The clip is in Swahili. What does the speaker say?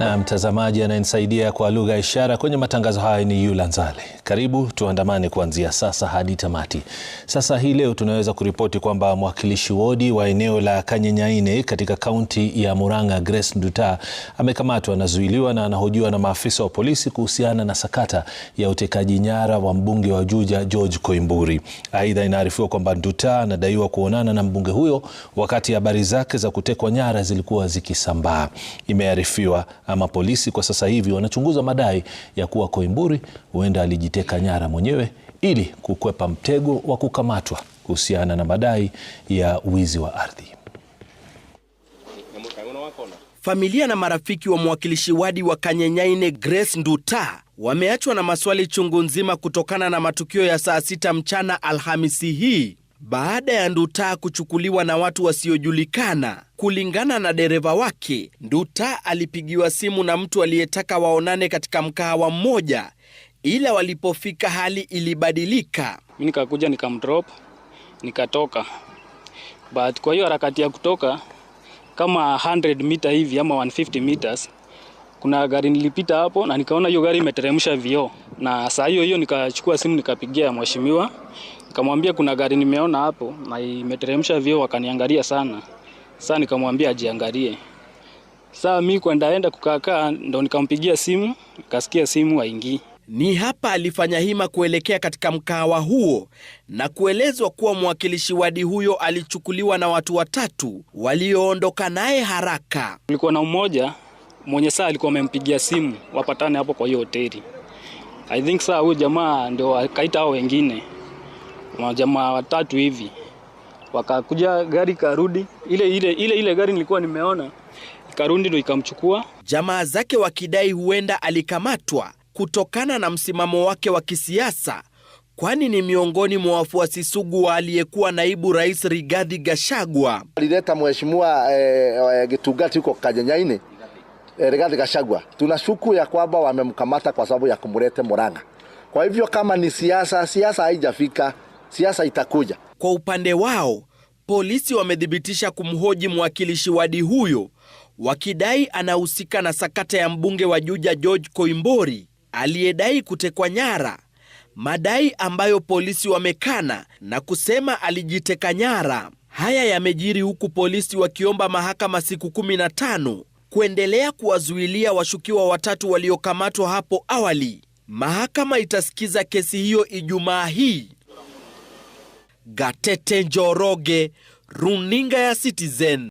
Na mtazamaji anayenisaidia kwa lugha ya ishara kwenye matangazo haya ni Yula Nzale. Karibu tuandamane kuanzia sasa hadi tamati. Sasa hii leo tunaweza kuripoti kwamba mwakilishi wodi wa eneo la Kanyenyaine katika kaunti ya Murang'a, Grace Nduta amekamatwa, anazuiliwa na anahojiwa na maafisa wa polisi kuhusiana na sakata ya utekaji nyara wa mbunge wa Juja George Koimburi. Aidha, inaarifiwa kwamba Nduta anadaiwa kuonana na mbunge huyo wakati habari zake za kutekwa nyara zilikuwa zikisambaa. Imearifiwa ama polisi kwa sasa hivi wanachunguza madai ya kuwa Koimburi huenda alijiteka nyara mwenyewe ili kukwepa mtego wa kukamatwa kuhusiana na madai ya wizi wa ardhi. Familia na marafiki wa mwakilishi wadi wa Kanyenyaine Grace Nduta wameachwa na maswali chungu nzima kutokana na matukio ya saa sita mchana Alhamisi hii baada ya Nduta kuchukuliwa na watu wasiojulikana. Kulingana na dereva wake, Nduta alipigiwa simu na mtu aliyetaka waonane katika mkahawa mmoja, ila walipofika hali ilibadilika. Mi nikakuja nikamdrop, nikatoka but kwa hiyo harakati ya kutoka kama 100 mita hivi ama 150 meters kuna gari nilipita hapo na nikaona hiyo gari imeteremsha vioo, na saa hiyo hiyo nikachukua simu nikapigia mheshimiwa, nikamwambia kuna gari nimeona hapo na imeteremsha vioo, wakaniangalia sana. Sasa nikamwambia ajiangalie. Sasa mimi kwendaenda kukaakaa, ndo nikampigia simu, nikasikia simu haingii. Ni hapa alifanya hima kuelekea katika mkahawa huo na kuelezwa kuwa mwakilishi wadi huyo alichukuliwa na watu watatu walioondoka naye haraka. Kulikuwa na mmoja mwenye saa alikuwa amempigia simu wapatane hapo kwa hiyo hoteli. I think saa huyo jamaa ndio akaita hao wengine majamaa watatu hivi, wakakuja gari karudi ile, ile, ile, ile gari nilikuwa nimeona ikarudi ndio ikamchukua. Jamaa zake wakidai huenda alikamatwa kutokana na msimamo wake wa kisiasa, kwani ni miongoni mwa wafuasi sugu wa aliyekuwa naibu rais Rigathi Gachagua. Alileta mheshimiwa eh, eh Gitugati huko Kajenyaine Eh, Rigathi Gachagua, tuna shuku ya kwamba wamemkamata kwa sababu ya kumlete Murang'a. Kwa hivyo kama ni siasa, siasa haijafika, siasa itakuja. Kwa upande wao, polisi wamethibitisha kumhoji mwakilishi wadi huyo wakidai anahusika na sakata ya mbunge wa Juja George Koimbori aliyedai kutekwa nyara, madai ambayo polisi wamekana na kusema alijiteka nyara. Haya yamejiri huku polisi wakiomba mahakama siku 15 kuendelea kuwazuilia washukiwa watatu waliokamatwa hapo awali. Mahakama itasikiza kesi hiyo Ijumaa hii. Gatete Njoroge, Runinga ya Citizen.